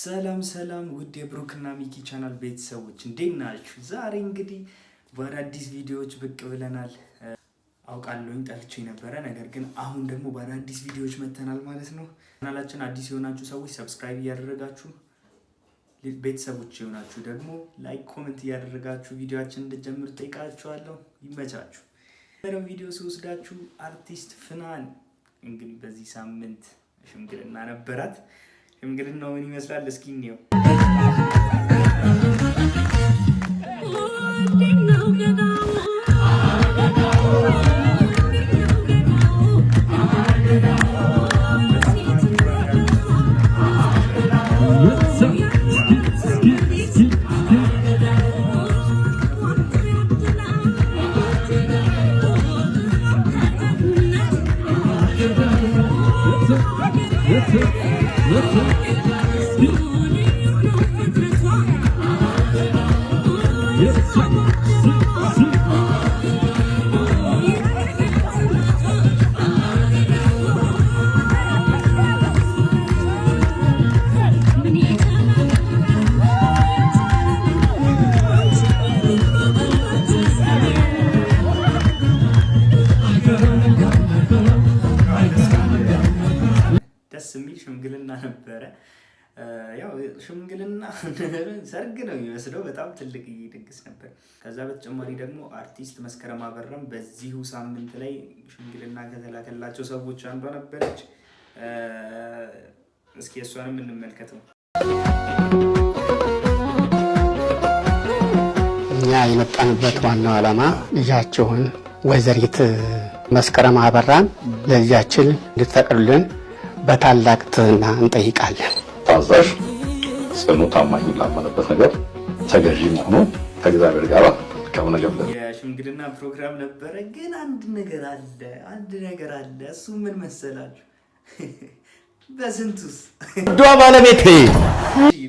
ሰላም ሰላም ውድ የብሩክና ሚኪ ቻናል ቤተሰቦች እንዴት ናችሁ? ዛሬ እንግዲህ ወደ አዲስ ቪዲዮዎች ብቅ ብለናል። አውቃለሁኝ ጠልቼ ነበረ፣ ነገር ግን አሁን ደግሞ ወደ አዲስ ቪዲዮዎች መተናል ማለት ነው። ቻናላችን አዲስ የሆናችሁ ሰዎች ሰብስክራይብ እያደረጋችሁ፣ ቤተሰቦች የሆናችሁ ደግሞ ላይክ፣ ኮመንት እያደረጋችሁ ቪዲዮችን እንድጀምር ጠይቃችኋለሁ። ይመቻችሁ። ቪዲዮ ሲወስዳችሁ አርቲስት ፍናን እንግዲህ በዚህ ሳምንት ሽምግልና ነበራት። ሽምግልናው ምን ይመስላል? እስኪ እንየው። ነበረ። ያው ሽምግልና ሰርግ ነው የሚመስለው። በጣም ትልቅ ድግስ ነበር። ከዛ በተጨማሪ ደግሞ አርቲስት መስከረም አበራም በዚሁ ሳምንት ላይ ሽምግልና ከተላከላቸው ሰዎች አንዷ ነበረች። እስኪ እሷንም እንመልከት እኛ የመጣንበት ዋናው ዓላማ ልጃችሁን ወይዘሪት መስከረም አበራን ለልጃችን እንድትፈቅዱልን በታላቅ ትህና እንጠይቃለን። ታዛዥ፣ ጽኑ፣ ታማኝ ላመነበት ነገር ተገዢ መሆኑ ከእግዚአብሔር ጋር የሽምግልና ፕሮግራም ነበረ። ግን አንድ ነገር አለ፣ አንድ ነገር አለ። እሱ ምን መሰላችሁ? በስንቱስ ዷ ባለቤት።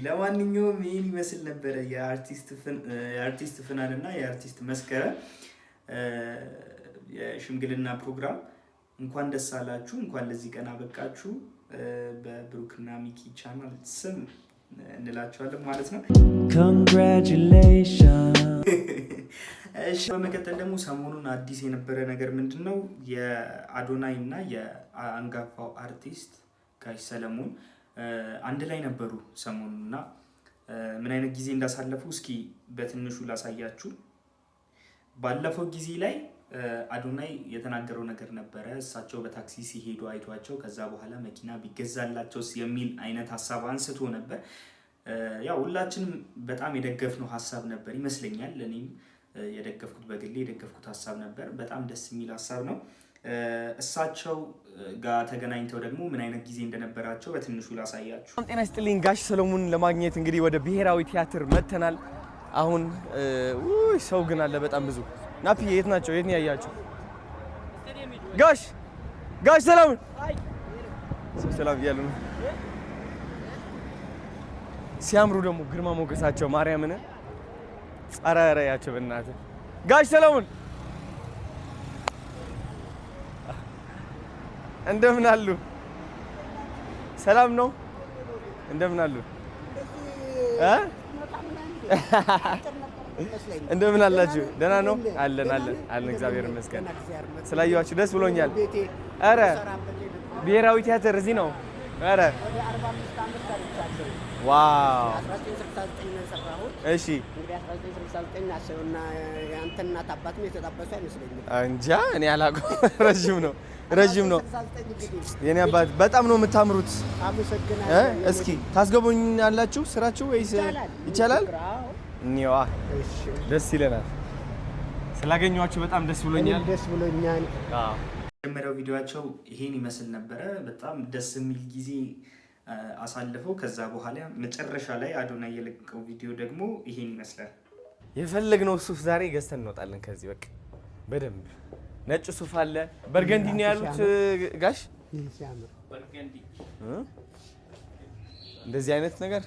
ለማንኛውም ይህን ይመስል ነበረ የአርቲስት ፍናን እና የአርቲስት መስከረም የሽምግልና ፕሮግራም እንኳን ደስ አላችሁ፣ እንኳን ለዚህ ቀን አበቃችሁ። በብሩክና ሚኪ ቻናል ስም እንላቸዋለን ማለት ነው። በመቀጠል ደግሞ ሰሞኑን አዲስ የነበረ ነገር ምንድን ነው? የአዶናይ እና የአንጋፋው አርቲስት ጋሽ ሰለሞን አንድ ላይ ነበሩ ሰሞኑን እና ምን አይነት ጊዜ እንዳሳለፉ እስኪ በትንሹ ላሳያችሁ። ባለፈው ጊዜ ላይ አዶናይ የተናገረው ነገር ነበረ። እሳቸው በታክሲ ሲሄዱ አይቷቸው ከዛ በኋላ መኪና ቢገዛላቸውስ የሚል አይነት ሀሳብ አንስቶ ነበር። ያው ሁላችንም በጣም የደገፍነው ሀሳብ ነበር ይመስለኛል። እኔም የደገፍኩት በግሌ የደገፍኩት ሀሳብ ነበር። በጣም ደስ የሚል ሀሳብ ነው። እሳቸው ጋር ተገናኝተው ደግሞ ምን አይነት ጊዜ እንደነበራቸው በትንሹ ላሳያችሁ። ጤና ይስጥልኝ ጋሽ ሰለሞን ለማግኘት እንግዲህ ወደ ብሔራዊ ቲያትር መጥተናል። አሁን ሰው ግን አለ በጣም ብዙ ናፍዬ የት ናቸው? የት ነው ያያቸው? ጋሽ ጋሽ ሰላም ሰላም እያሉ ነው። ሲያምሩ ደግሞ ግርማ ሞገሳቸው ማርያምን ያቸው በእናትህ ጋሽ ሰለሞን እንደምን አሉ? ሰላም ነው? እንደምን አሉ? እንደምን አላችሁ? ደህና ነው አለን አለን አለን። እግዚአብሔር ይመስገን ስላየኋችሁ ደስ ብሎኛል። አረ ብሔራዊ ቲያትር እዚህ ነው። አረ ዋው! እሺ እንጃ እኔ ረዥም ነው ረዥም ነው። የኔ አባት በጣም ነው የምታምሩት። እስኪ ታስገቡኝ አላችሁ ስራችሁ ወይስ ይቻላል? እኒዋ ደስ ይለናል። ስላገኘኋችሁ በጣም ደስ ብሎኛል። ደስ ብሎኛል። የመጀመሪያው ቪዲዮቸው ይሄን ይመስል ነበረ። በጣም ደስ የሚል ጊዜ አሳልፈው ከዛ በኋላ መጨረሻ ላይ አዶና የለቀቀው ቪዲዮ ደግሞ ይሄን ይመስላል። የፈለግነው ሱፍ ዛሬ ገዝተን እንወጣለን። ከዚህ በቃ በደንብ ነጭ ሱፍ አለ። በርገንዲ ነው ያሉት ጋሽ፣ እንደዚህ አይነት ነገር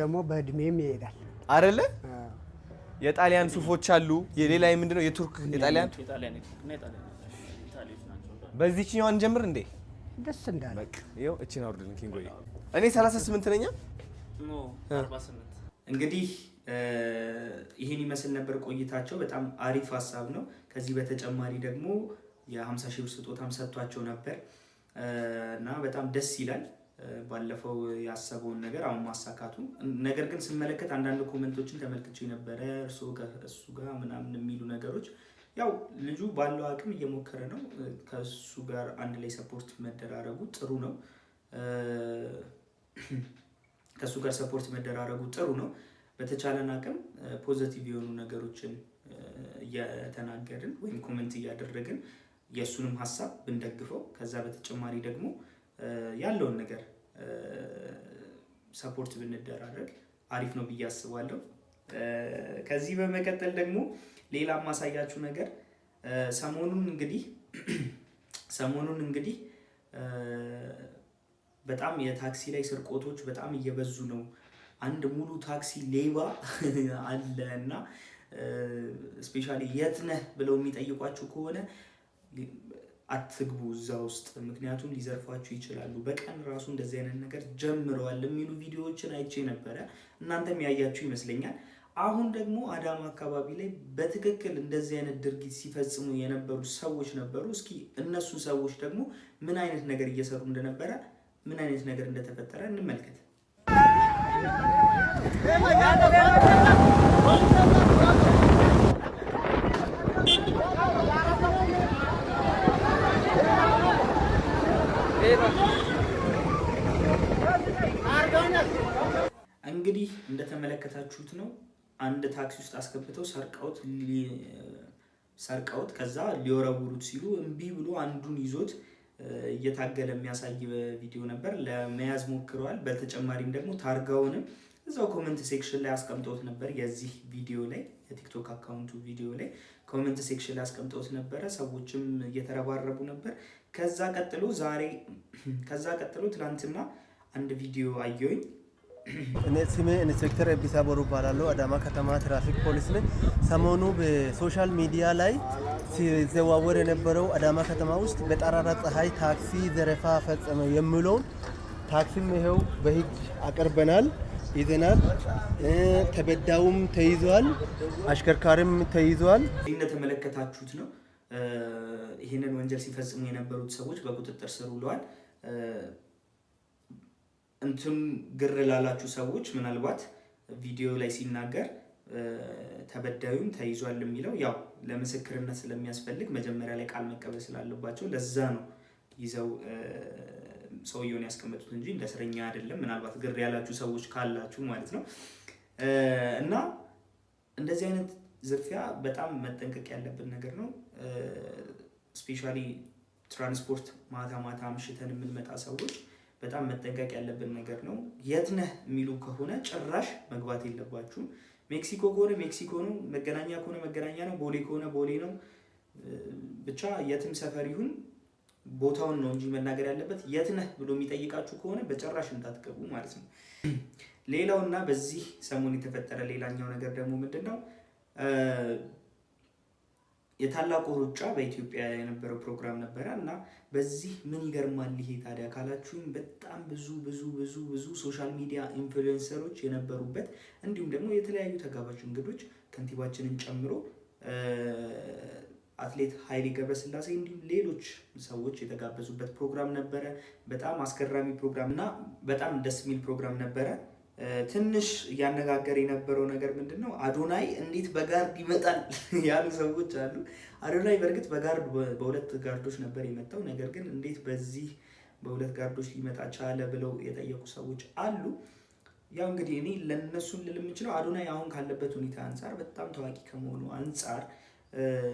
ደግሞ በእድሜም ይሄዳል አይደለ? የጣሊያን ሱፎች አሉ። የሌላ ምንድነው? የቱርክ የጣሊያን በዚህ በዚህኛው እንጀምር እንዴ? ደስ እንዳለ በቃ ይኸው እቺን አውርድልኝ ኪንጎዬ። እኔ 38 ነኛ። እንግዲህ ይህን ይመስል ነበር ቆይታቸው። በጣም አሪፍ ሀሳብ ነው። ከዚህ በተጨማሪ ደግሞ የ50 ሺህ ብር ስጦታም ሰጥቷቸው ነበር እና በጣም ደስ ይላል። ባለፈው ያሰበውን ነገር አሁን ማሳካቱ ነገር ግን ስመለከት አንዳንድ ኮመንቶችን ተመልክቼ ነበረ። እርስዎ ከእሱ ጋር ምናምን የሚሉ ነገሮች ያው ልጁ ባለው አቅም እየሞከረ ነው። ከእሱ ጋር አንድ ላይ ሰፖርት መደራረጉ ጥሩ ነው። ከእሱ ጋር ሰፖርት መደራረጉ ጥሩ ነው። በተቻለን አቅም ፖዘቲቭ የሆኑ ነገሮችን እየተናገርን ወይም ኮመንት እያደረግን የእሱንም ሀሳብ ብንደግፈው ከዛ በተጨማሪ ደግሞ ያለውን ነገር ሰፖርት ብንደራረግ አሪፍ ነው ብዬ አስባለሁ። ከዚህ በመቀጠል ደግሞ ሌላ ማሳያችሁ ነገር ሰሞኑን እንግዲህ ሰሞኑን እንግዲህ በጣም የታክሲ ላይ ስርቆቶች በጣም እየበዙ ነው። አንድ ሙሉ ታክሲ ሌባ አለ እና ስፔሻሊ የት ነህ ብለው የሚጠይቋችሁ ከሆነ አትግቡ እዛ ውስጥ ምክንያቱም ሊዘርፏችሁ ይችላሉ። በቀን ራሱ እንደዚህ አይነት ነገር ጀምረዋል የሚሉ ቪዲዮዎችን አይቼ ነበረ። እናንተም ያያችሁ ይመስለኛል። አሁን ደግሞ አዳማ አካባቢ ላይ በትክክል እንደዚህ አይነት ድርጊት ሲፈጽሙ የነበሩ ሰዎች ነበሩ። እስኪ እነሱ ሰዎች ደግሞ ምን አይነት ነገር እየሰሩ እንደነበረ፣ ምን አይነት ነገር እንደተፈጠረ እንመልከት። እንግዲህ እንደተመለከታችሁት ነው። አንድ ታክሲ ውስጥ አስገብተው ሰርቀውት ሰርቀውት ከዛ ሊወረውሩት ሲሉ እምቢ ብሎ አንዱን ይዞት እየታገለ የሚያሳይ ቪዲዮ ነበር። ለመያዝ ሞክረዋል። በተጨማሪም ደግሞ ታርጋውንም እዛው ኮመንት ሴክሽን ላይ አስቀምጠውት ነበር። የዚህ ቪዲዮ ላይ የቲክቶክ አካውንቱ ቪዲዮ ላይ ኮመንት ሴክሽን ላይ አስቀምጠውት ነበረ። ሰዎችም እየተረባረቡ ነበር። ከዛ ቀጥሎ ዛሬ ከዛ ቀጥሎ ትላንትና አንድ ቪዲዮ አየሁኝ። እኔ ስሜ ኢንስፔክተር ኤቢሳ ቦሩ እባላለሁ። አዳማ ከተማ ትራፊክ ፖሊስ ነኝ። ሰሞኑ በሶሻል ሚዲያ ላይ ሲዘዋወር የነበረው አዳማ ከተማ ውስጥ በጠራራ ፀሐይ ታክሲ ዘረፋ ፈጸመ የሚለውን ታክሲም ይኸው በህግ አቅርበናል ይዘናል። ተበዳውም ተይዟል፣ አሽከርካሪም ተይዟል። እንደተመለከታችሁት ነው። ይህንን ወንጀል ሲፈጽሙ የነበሩት ሰዎች በቁጥጥር ስር ውለዋል። እንትም ግር ላላችሁ ሰዎች ምናልባት ቪዲዮ ላይ ሲናገር ተበዳዩም ተይዟል የሚለው ያው ለምስክርነት ስለሚያስፈልግ መጀመሪያ ላይ ቃል መቀበል ስላለባቸው ለዛ ነው ይዘው ሰውየውን ያስቀመጡት እንጂ እንደ እስረኛ አይደለም። ምናልባት ግር ያላችሁ ሰዎች ካላችሁ ማለት ነው እና እንደዚህ አይነት ዝርፊያ በጣም መጠንቀቅ ያለብን ነገር ነው። ስፔሻሊ ትራንስፖርት ማታ ማታ አምሽተን የምንመጣ ሰዎች በጣም መጠንቀቅ ያለብን ነገር ነው። የት ነህ የሚሉ ከሆነ ጭራሽ መግባት የለባችሁ። ሜክሲኮ ከሆነ ሜክሲኮ ነው፣ መገናኛ ከሆነ መገናኛ ነው፣ ቦሌ ከሆነ ቦሌ ነው። ብቻ የትም ሰፈር ይሁን ቦታውን ነው እንጂ መናገር ያለበት የት ነህ ብሎ የሚጠይቃችሁ ከሆነ በጭራሽ እንዳትገቡ ማለት ነው። ሌላውና በዚህ ሰሞን የተፈጠረ ሌላኛው ነገር ደግሞ ምንድን ነው? የታላቁ ሩጫ በኢትዮጵያ የነበረው ፕሮግራም ነበረ እና በዚህ ምን ይገርማል ይሄ ታዲያ ካላችሁኝ በጣም ብዙ ብዙ ብዙ ብዙ ሶሻል ሚዲያ ኢንፍሉዌንሰሮች የነበሩበት እንዲሁም ደግሞ የተለያዩ ተጋባዥ እንግዶች ከንቲባችንን ጨምሮ አትሌት ኃይሌ ገብረስላሴ እንዲሁም ሌሎች ሰዎች የተጋበዙበት ፕሮግራም ነበረ። በጣም አስገራሚ ፕሮግራም እና በጣም ደስ የሚል ፕሮግራም ነበረ። ትንሽ እያነጋገር የነበረው ነገር ምንድን ነው? አዶናይ እንዴት በጋርድ ይመጣል ያሉ ሰዎች አሉ። አዶናይ በእርግጥ በጋርድ በሁለት ጋርዶች ነበር የመጣው። ነገር ግን እንዴት በዚህ በሁለት ጋርዶች ሊመጣ ቻለ ብለው የጠየቁ ሰዎች አሉ። ያው እንግዲህ እኔ ለነሱን ልል የምችለው አዶናይ አሁን ካለበት ሁኔታ አንጻር በጣም ታዋቂ ከመሆኑ አንጻር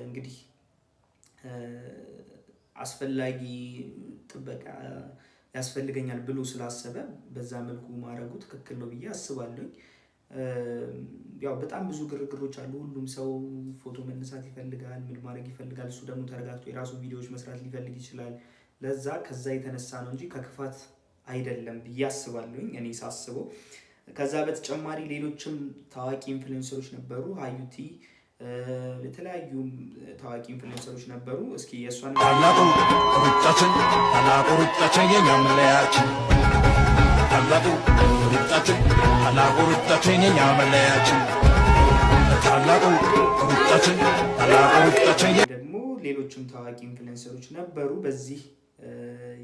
እንግዲህ አስፈላጊ ጥበቃ ያስፈልገኛል ብሎ ስላሰበ በዛ መልኩ ማድረጉ ትክክል ነው ብዬ አስባለኝ። ያው በጣም ብዙ ግርግሮች አሉ። ሁሉም ሰው ፎቶ መነሳት ይፈልጋል፣ ምን ማድረግ ይፈልጋል። እሱ ደግሞ ተረጋግቶ የራሱ ቪዲዮዎች መስራት ሊፈልግ ይችላል። ለዛ ከዛ የተነሳ ነው እንጂ ከክፋት አይደለም ብዬ አስባለሁኝ እኔ ሳስበው። ከዛ በተጨማሪ ሌሎችም ታዋቂ ኢንፍሉዌንሰሮች ነበሩ፣ ሀዩቲ የተለያዩ ታዋቂ ኢንፍሉዌንሰሮች ነበሩ። እስኪ የእሷን ሩጫችን ታላቁ ሩጫችን የኛም መለያችን ታላቁ ሩጫችን ታላቁ ሩጫችን የኛም መለያችን ታላቁ ሩጫችን ታላቁ ሩጫችን ደግሞ ሌሎችም ታዋቂ ኢንፍሉዌንሰሮች ነበሩ በዚህ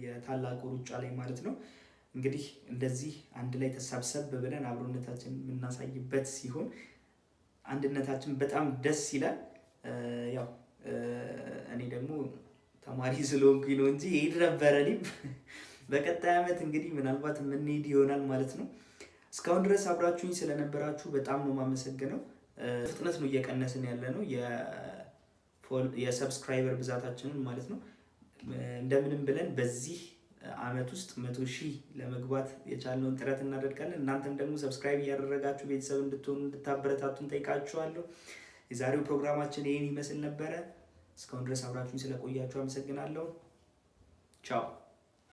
የታላቁ ሩጫ ላይ ማለት ነው። እንግዲህ እንደዚህ አንድ ላይ ተሰብሰብ ብለን አብሮነታችን የምናሳይበት ሲሆን አንድነታችን በጣም ደስ ይላል። ያው እኔ ደግሞ ተማሪ ስለሆንኩኝ ነው እንጂ ይሄድ ነበረ። እኔም በቀጣይ ዓመት እንግዲህ ምናልባት የምንሄድ ይሆናል ማለት ነው። እስካሁን ድረስ አብራችሁኝ ስለነበራችሁ በጣም ነው የማመሰግነው። ፍጥነት ነው እየቀነስን ያለ ነው የሰብስክራይበር ብዛታችንን ማለት ነው። እንደምንም ብለን በዚህ አመት ውስጥ መቶ ሺህ ለመግባት የቻለውን ጥረት እናደርጋለን። እናንተም ደግሞ ሰብስክራይብ እያደረጋችሁ ቤተሰብ እንድትሆኑ እንድታበረታቱን ጠይቃችኋለሁ። የዛሬው ፕሮግራማችን ይህን ይመስል ነበረ። እስካሁን ድረስ አብራችሁኝ ስለቆያችሁ አመሰግናለሁ። ቻው